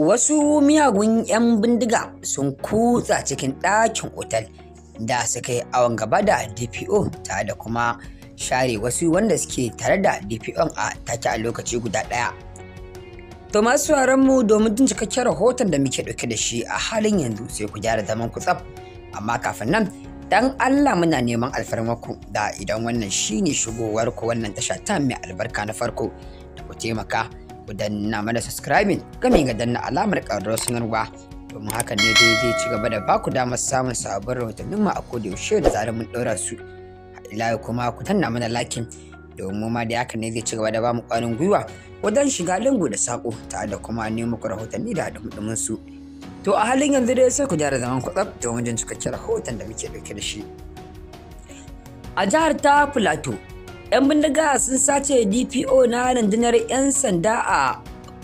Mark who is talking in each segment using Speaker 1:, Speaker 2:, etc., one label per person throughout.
Speaker 1: wasu miyagun 'yan bindiga sun kutsa cikin ɗakin otal da suka yi awon gaba da dpo tare da kuma share wasu wanda suke tare da dpo a take a lokaci guda ɗaya to masu mu domin jin cikakken rahoton da muke ɗauke da shi a halin yanzu sai ku gyara zaman ku tsaf amma kafin nan dan Allah muna neman alfarmaku da idan wannan shine shigowar ku wannan tasha ta mai albarka na farko da ku taimaka ku danna mana subscribing gami ga danna alamar ƙarar sanarwa domin haka ne dai zai ci gaba da ba ku damar samun sabbin rahotannin mu a koda yaushe da zarar mun ɗora su ila kuma ku danna mana lakin domin ma da haka ne zai ci gaba da ba mu ƙwarin gwiwa wajen shiga lingu da saƙo tare da kuma ne ku rahotanni da haɗin su to a halin yanzu dai sai ku gyara zaman kwatsaf domin jin cikakken rahoton da muke ɗauke da shi a jihar ta plateau 'yan bindiga sun sace dpo na rundunar 'yan sanda a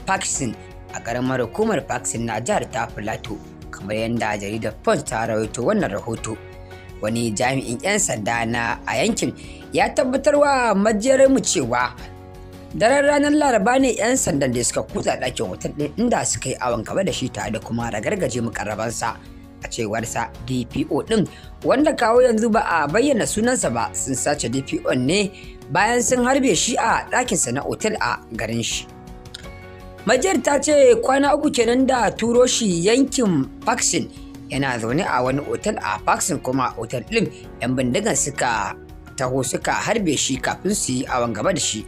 Speaker 1: pakistan a karamar hukumar pakistan na jihar ta plateau kamar yadda jaridar punch ta rawaito wannan rahoto wani jami'in 'yan sanda na a yankin ya tabbatar wa mu cewa daren ranar laraba ne 'yan sandan da suka kutsa ɗakin hotel ɗin inda suka yi awon gaba da shi tare da kuma ragargaje mukarrabansa a cewarsa dpo ɗin wanda kawo yanzu ba a bayyana sunansa ba sun sace dpo ne bayan sun harbe shi a ɗakinsa na otel a garin shi. Majiyar ta ce kwana uku kenan da turo shi yankin Paxin yana zaune a wani otal a Paksin kuma otal ɗin 'yan bindigan suka taho suka harbe shi kafin su yi awon gaba da shi.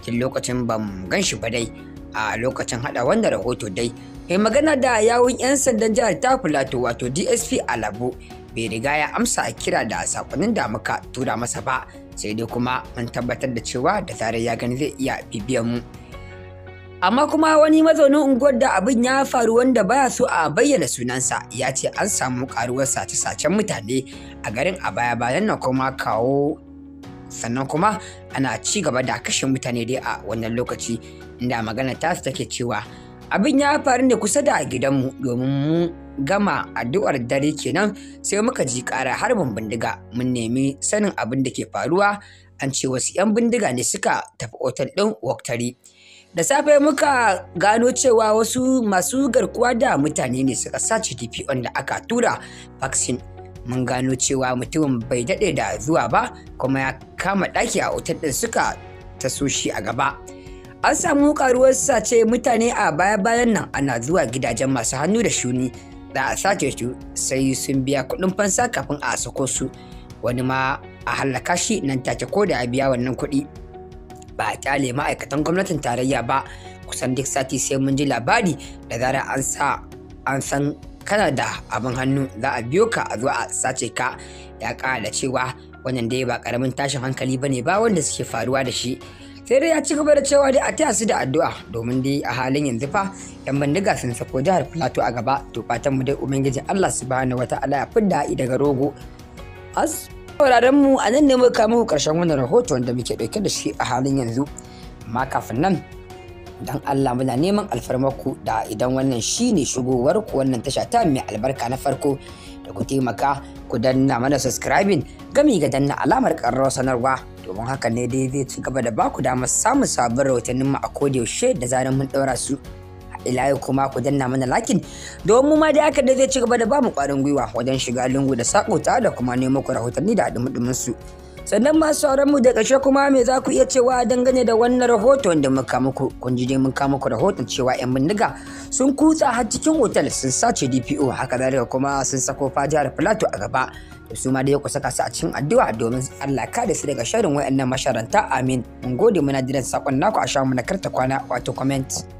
Speaker 1: Tun lokacin ban gan shi ba dai a lokacin haɗa wanda rahoto dai. Mai magana da yawun 'yan sandan jihar ta Filato wato DSP Alabo bai riga ya amsa a kira da sakonnin da muka tura masa ba sai dai kuma mun tabbatar da cewa da zarar ya gani zai iya bibiyan mu amma kuma wani mazaunin unguwar da abin ya faru wanda baya so a bayyana sunansa ya ce an samu karuwar sace-sacen mutane a garin a baya bayan nan kuma kawo sannan kuma ana ci gaba da kashe mutane dai a wannan lokaci inda magana tasu take cewa abin ya faru ne kusa da gidanmu domin mu gama addu'ar dare kenan sai muka ji ƙara harbin bindiga mun nemi sanin abin da ke faruwa an ce wasu 'yan bindiga ne suka tafi otal ɗin waktari da safe muka gano cewa wasu masu garkuwa da mutane ne suka sace dpon da aka tura vaccine mun gano cewa mutumin bai daɗe da zuwa ba kuma ya kama ɗaki a otal ɗin suka taso shi a gaba. an samu karuwar sace mutane a baya-bayan nan ana zuwa gidajen masu hannu da shuni za'a a sace su sai sun biya kuɗin fansa kafin a sako su wani ma a hallaka shi nan take ko da a biya wannan kuɗi ba a kyale ma'aikatan gwamnatin tarayya ba kusan duk sati sai mun ji labari da zarar an sa an san kana da abin hannu za a biyo ka a zuwa a sace ka ya ƙara da cewa wannan dai ba ƙaramin tashin hankali ba ne ba wanda suke faruwa da shi sai dai ya ci gaba da cewa dai a taya su da addu'a domin dai a halin yanzu fa yan bindiga sun sako jihar plateau a gaba to fatan mu dai ubangiji allah subhanahu wataala ya fidda haɗi daga rogo as sauraron mu a nan ne muka muku karshen wannan rahoto wanda muke ɗauke da shi a halin yanzu amma kafin nan don Allah muna neman ku da idan wannan shine shigowar ku wannan tasha ta mai albarka na farko da ku taimaka ku danna mana subscribing gami ga danna alamar ƙararrawar sanarwa domin haka ne dai zai ci gaba da baku damar samun sabbin rahotannin mu a yaushe da zarar mun ɗaura su ila yau kuma ku danna mana lakin domin mu ma dai haka da zai ci gaba da bamu kwarin gwiwa wajen shiga lungu da sako ta da kuma nemo ku rahotanni da haɗin su sannan masu sauran mu da ƙarshe kuma me za ku iya cewa dangane da wannan rahoton da muka muku kun ji dai mun ka muku rahoton cewa yan bindiga sun kutsa har cikin otal sun sace DPO haka zalika kuma sun sako fajar Plato a gaba da su ma dai ku saka su a cikin addu'a domin Allah ka da su daga sharrin wayannan masharanta amin mun gode muna jiran sakon naku a shamu na karta kwana wato comment